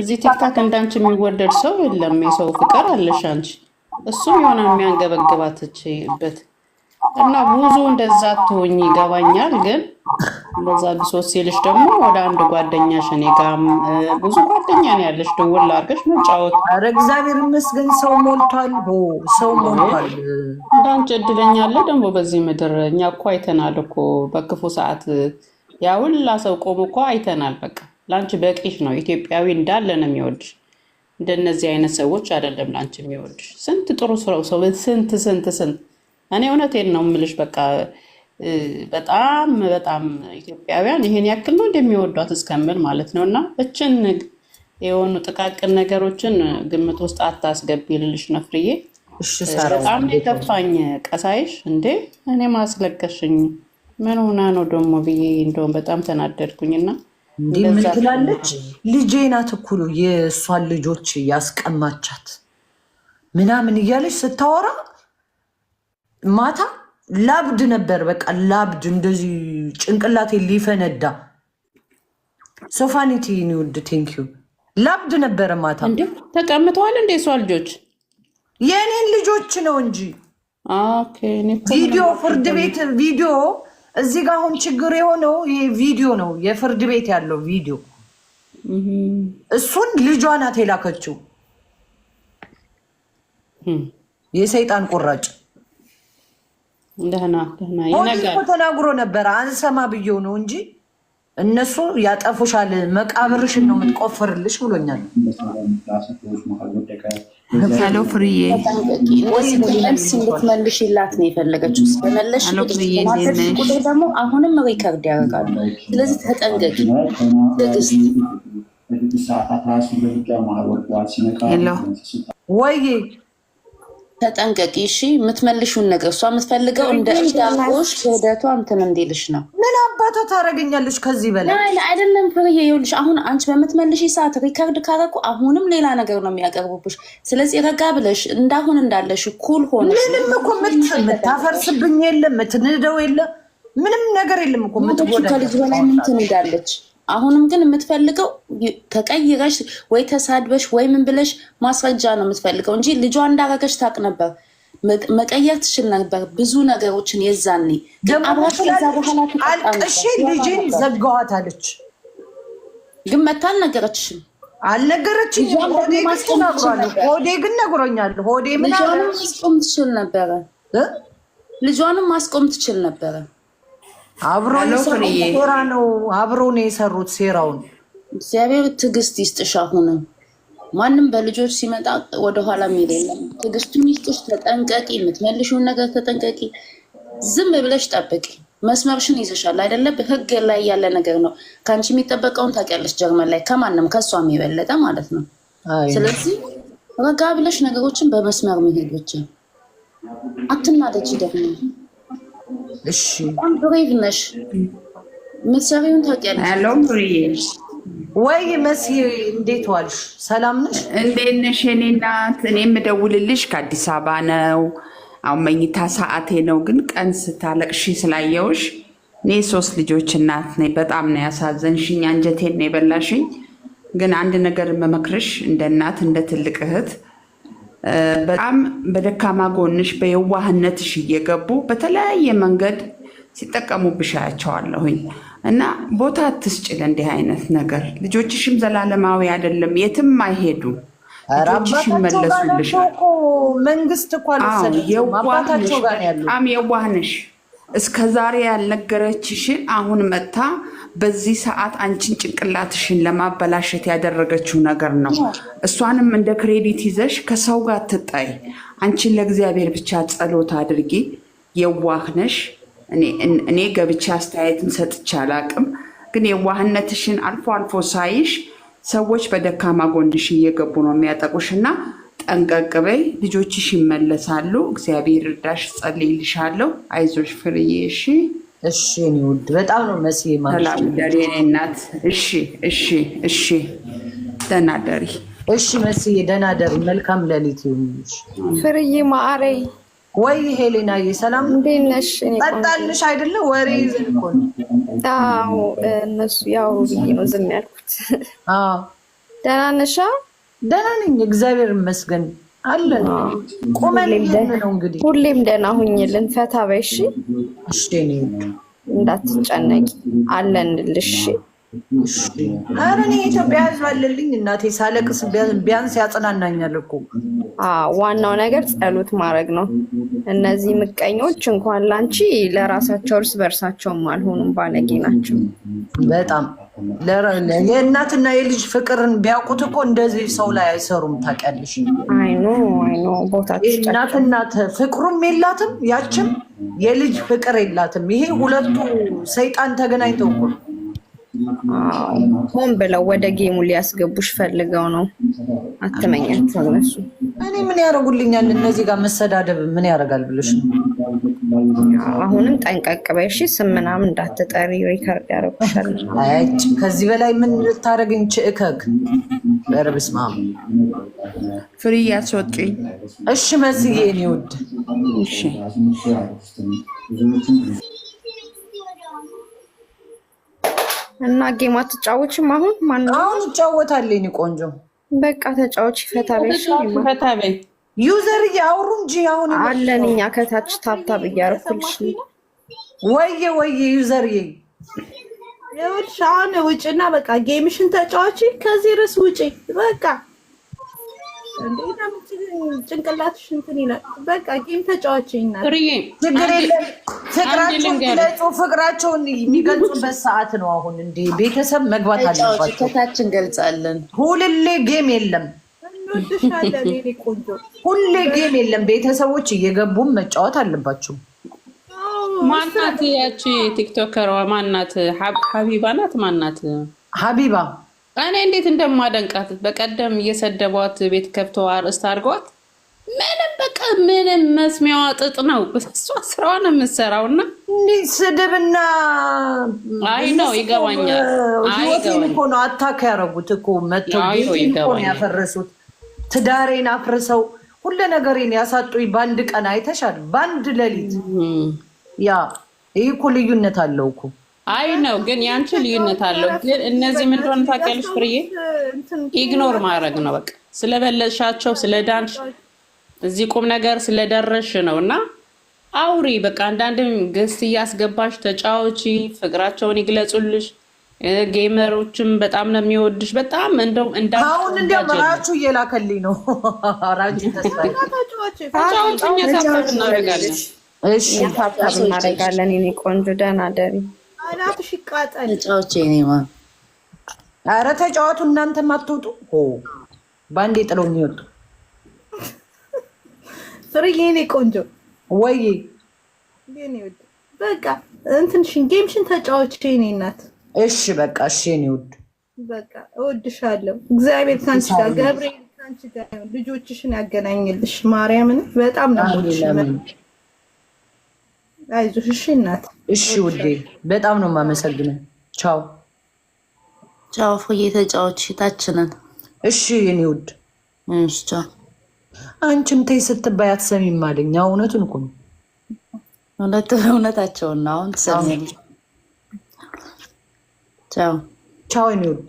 እዚህ ቲክታክ እንዳንቺ የሚወደድ ሰው የለም። የሰው ፍቅር አለሽ አንቺ። እሱም የሆነ የሚያንገበግባትችበት እና ብዙ እንደዛ ትሆኝ ይገባኛል። ግን እንደዛ ብሶት ሲልሽ ደግሞ ወደ አንድ ጓደኛሽ እኔ ብዙ ጓደኛ ነው ያለሽ፣ ደውል አድርገሽ መጫወት። ኧረ እግዚአብሔር ይመስገን ሰው ሞልቷል፣ ሰው ሞልቷል። እንዳንቺ እድለኛ አለ ደግሞ በዚህ ምድር። እኛ እኮ አይተናል እኮ በክፉ ሰዓት ያ ሁላ ሰው ቆሞ እኮ አይተናል በቃ ለአንቺ በቂሽ ነው። ኢትዮጵያዊ እንዳለ ነው የሚወድሽ። እንደነዚህ አይነት ሰዎች አይደለም ለአንቺ የሚወድሽ። ስንት ጥሩ ስረው ሰው ስንት ስንት ስንት እኔ እውነቴን ነው የምልሽ። በቃ በጣም በጣም ኢትዮጵያውያን ይሄን ያክል ነው እንደሚወዷት እስከምል ማለት ነው። እና እችን የሆኑ ጥቃቅን ነገሮችን ግምት ውስጥ አታስገቢ ልልሽ ነፍርዬ። በጣም ነው የከፋኝ ቀሳይሽ። እንዴ እኔ ማስለቀሽኝ ምን ሆና ነው ደግሞ ብዬ እንደውም በጣም ተናደድኩኝና እንዴ ምን ትላለች? ልጄ ናት እኮ ነው የእሷን ልጆች ያስቀማቻት ምናምን እያለች ስታወራ ማታ ላብድ ነበር። በቃ ላብድ እንደዚህ ጭንቅላቴ ሊፈነዳ ሶፋኒቲ ኒውድ ቴንኪዩ ላብድ ነበረ ማታ። እንደ ተቀምተዋል እንደ እሷ ልጆች የእኔን ልጆች ነው እንጂ ቪዲዮ ፍርድ ቤት ቪዲዮ እዚህ ጋር አሁን ችግር የሆነው ይሄ ቪዲዮ ነው፣ የፍርድ ቤት ያለው ቪዲዮ። እሱን ልጇ ናት የላከችው። የሰይጣን ቁራጭ ተናግሮ ነበረ። አንሰማ ብዬው ነው እንጂ እነሱ ያጠፉሻል፣ መቃብርሽን ነው የምትቆፍርልሽ ብሎኛል። ሄሎ ፍርዬ መልስ እንድትመልሽላት ነው የፈለገችው። ስለመለሽ ቁጥር ደግሞ አሁንም ሪከርድ ያደርጋሉ። ስለዚህ ተጠንቀቂ። ትዕግስት ወይ ተጠንቀቂ እሺ። የምትመልሹን ነገር እሷ የምትፈልገው እንደ እዳቦሽ ክህደቷ እንትን እንዲልሽ ነው። ምን አባቷ ታደርገኛለሽ ከዚህ በላይ አይደለም ፍርዬ። ይኸውልሽ አሁን አንቺ በምትመልሽ ሰዓት ሪከርድ ካረኩ አሁንም ሌላ ነገር ነው የሚያቀርቡብሽ። ስለዚህ ረጋ ብለሽ እንዳሁን እንዳለሽ ኩል ሆነ። ምንም እኮ የምታፈርስብኝ የለም የምትንደው የለ ምንም ነገር የለም እኮ ከልጅ በላይ ምንትን እንዳለች አሁንም ግን የምትፈልገው ተቀይረሽ ወይ ተሳድበሽ ወይ ምን ብለሽ ማስረጃ ነው የምትፈልገው እንጂ ልጇ እንዳረገሽ ታቅ ነበር። መቀየር ትችል ነበር ብዙ ነገሮችን። የዛኔ አልቅሼ ልጅን ዘጋዋታለች፣ ግን መታ አልነገረችሽም። አልነገረችኝ። ሆዴ ግን ነግሮኛል። ሆዴ ምን ልጇንም ማስቆም ትችል ነበረ። ልጇንም ማስቆም ትችል ነበረ። አብሮ ሴራ ነው። አብሮ ነው የሰሩት ሴራውን። እግዚአብሔር ትዕግስት ይስጥሽ። አሁንም ማንም በልጆች ሲመጣ ወደኋላ የሚል የለም። ትዕግስቱን ይስጥሽ። ተጠንቀቂ፣ የምትመልሽውን ነገር ተጠንቀቂ። ዝም ብለሽ ጠብቂ። መስመርሽን ይዘሻል አይደለም? ህግ ላይ ያለ ነገር ነው። ከአንቺ የሚጠበቀውን ታውቂያለሽ። ጀርመን ላይ ከማንም ከእሷ የበለጠ ማለት ነው። ስለዚህ ረጋ ብለሽ ነገሮችን በመስመር መሄድ ብቻ። አትናደጂ ደግሞ እሺ በጣም ብሬቭ ነሽ። የምትሰሪውን ታውቂያለሽ። ያለው ብሬቭ ወይ መሲ፣ እንዴት ዋልሽ? ሰላም ነሽ? እንዴት ነሽ የኔ እናት? እኔ የምደውልልሽ ከአዲስ አበባ ነው። አሁን መኝታ ሰዓቴ ነው፣ ግን ቀን ስታለቅሺ ስላየውሽ እኔ ሶስት ልጆች እናት ነኝ። በጣም ነው ያሳዘንሽኝ፣ አንጀቴን ነው የበላሽኝ። ግን አንድ ነገር መመክርሽ እንደ እናት እንደ ትልቅ እህት በጣም በደካማ ጎንሽ በየዋህነትሽ እየገቡ በተለያየ መንገድ ሲጠቀሙብሽ ብሻያቸዋለሁኝ እና ቦታ አትስጭ ለእንዲህ አይነት ነገር። ልጆችሽም ዘላለማዊ አይደለም፣ የትም አይሄዱ። ልጆችሽ ይመለሱልሻል። መንግስት እኳ አልወሰደችም። አባታቸው የዋህነሽ እስከ ዛሬ ያልነገረችሽን አሁን መታ በዚህ ሰዓት አንቺን ጭንቅላትሽን ለማበላሸት ያደረገችው ነገር ነው። እሷንም እንደ ክሬዲት ይዘሽ ከሰው ጋር ትጣይ። አንቺን ለእግዚአብሔር ብቻ ጸሎት አድርጊ። የዋህነሽ እኔ ገብቼ አስተያየትን ሰጥቼ አላቅም፣ ግን የዋህነትሽን አልፎ አልፎ ሳይሽ ሰዎች በደካማ ጎንሽ እየገቡ ነው የሚያጠቁሽ እና ጠንቀቅ በይ፣ ልጆችሽ ይመለሳሉ። እግዚአብሔር እርዳሽ፣ ጸልይልሻለሁ። አይዞሽ ፍርዬ። እሺ፣ እሺ፣ እኔ ውድ በጣም ነው መስ ተላምዳሪ እናት። እሺ፣ እሺ፣ እሺ፣ ደህና ደሪ። እሺ መስዬ፣ ደህና ደሪ። መልካም ለሊት ይሁንልሽ ፍርዬ። ማአሬ ወይ ሄሌናዬ፣ ሰላም እንዴት ነሽ? ጠጣልሽ አይደለ? ወሬ ይዘን እኮ ነው። አዎ እነሱ ያው ብዬ ነው ዝም ያልኩት። ደህና ነሽ? ደህና ነኝ፣ እግዚአብሔር ይመስገን አለን። ቁመን ነው እንግዲህ ሁሌም ደህና ሁኝልን። ፈታ በይሽ፣ እንዳትጨነቂ አለንልሽ። አረ እኔ ኢትዮጵያ ሕዝብ አለልኝ እናቴ። ሳለቅስ ቢያንስ ያጽናናኛል እኮ። ዋናው ነገር ጸሎት ማድረግ ነው። እነዚህ ምቀኞች እንኳን ላንቺ ለራሳቸው እርስ በእርሳቸውም አልሆኑም፣ ባለጌ ናቸው በጣም የእናትና የልጅ ፍቅርን ቢያውቁት እኮ እንደዚህ ሰው ላይ አይሰሩም። ታውቂያለሽ፣ እናትናት ፍቅሩም የላትም ያችም የልጅ ፍቅር የላትም። ይሄ ሁለቱ ሰይጣን ተገናኝተው እኮ ሆን ብለው ወደ ጌሙ ሊያስገቡሽ ፈልገው ነው። አትመኛቸው እነሱ። እኔ ምን ያደርጉልኛል እነዚህ ጋር መሰዳደብ ምን ያደርጋል ብለሽ ነው አሁንም ጠንቀቅ በይ እሺ። ስም ምናምን እንዳትጠሪ ሪከርድ ያደረጉሻል። ከዚህ በላይ ምን ልታደርግኝ ችእከግ ኧረ በስመ ፍሪ ያስወጡኝ። እሺ መስዬ እኔ ውድ እሺ እና ጌም አትጫወችም? አሁን ማን አሁን ይጫወታል? ቆንጆ በቃ ተጫወች። ይፈታ በይ፣ ይፈታ በይ ዩዘር እያወሩ እንጂ አሁን አለን እኛ ከታች ታብታብ እያደረኩልሽ ወየ ወየ ዩዘር ይኸውልሽ አሁን ውጭና በቃ ጌምሽን ተጫዋች ከዚህ ርዕስ ውጪ በቃ ጭንቅላትሽ እንትን ይላል በቃ ጌም ተጫዋች ፍቅራቸው ፍቅራቸውን የሚገልጹበት ሰዓት ነው አሁን እንደ ቤተሰብ መግባት አለባቸው ከታች እንገልጻለን ሁልሌ ጌም የለም እንወድሻለን የእኔ ቆንጆ። ሁሌ ጌም የለም። ቤተሰቦች እየገቡም መጫወት አለባቸው። ማናት ያቺ ቲክቶከሯ? ማናት? ሀቢባ ናት? ማናት? ሀቢባ እኔ እንዴት እንደማደንቃት በቀደም እየሰደቧት ቤት ከብቶ አርዕስት አድርገዋት ምንም በቃ ምንም መስሚያዋ ጥጥ ነው። እሷ ስራዋ ነው የምትሰራው። እና ስድብና አይ ነው ይገባኛል። ህይወቴን እኮ ነው አታክ ያደረጉት እኮ ያፈረሱት ትዳሬን አፍርሰው ሁለ ነገሬን ያሳጡኝ በአንድ ቀን አይተሻል። በአንድ ሌሊት ያ ይህ እኮ ልዩነት አለው እኮ አይ ነው ግን ያንቺ ልዩነት አለው። ግን እነዚህ ምን እንደሆነ ታውቂያለሽ ፍርዬ፣ ኢግኖር ማድረግ ነው በቃ። ስለበለሻቸው ስለዳንሽ እዚህ ቁም ነገር ስለደረሽ ነው እና አውሪ በቃ። አንዳንድም ገስት እያስገባሽ ተጫዎቺ፣ ፍቅራቸውን ይግለጹልሽ። ጌመሮችም በጣም ነው የሚወድሽ። በጣም እንደው እንዳሁን እንዲያውም ራቹ እየላከልኝ ነው። ራቹ እናደርጋለን። እሺ እናደርጋለን። እኔ ቆንጆ ደህና ደሪ አናትሽ ይቃጠል። ተጫዎች ማ አረ ተጫዋቱ እናንተም አትወጡ። በአንዴ ጥለው የሚወጡ ስርዬ እኔ ቆንጆ ወይ በቃ እንትንሽን ጌምሽን ተጫዎች እኔ እናት እሺ በቃ እሺ፣ እኔ ውድ በቃ እወድሻለሁ። እግዚአብሔር ካንቺ ጋር፣ ገብርኤል ካንቺ ጋር ነው። ልጆችሽን ያገናኝልሽ። ማርያምን በጣም ነው አይዞሽ። እሺ እናት፣ እሺ ውዴ፣ በጣም ነው የማመሰግነው። ቻው ቻው። ፎዬ ተጫዎች ታችንን። እሺ እኔ ውድ በቃ እወድሻለሁ እግዚአብሔር ካንቺ ጋር ገብርኤል ካንቺ ጋር ልጆችሽን ያገናኝልሽ ማርያምን በጣም ነው አይዞሽ እሺ ቻው። አንቺም ተይ ስትባይ አትሰሚም አለኝ። እውነቱን እኮ ነው። እውነታቸውን አሁን ትሰሚያለሽ ቻው የሚወድ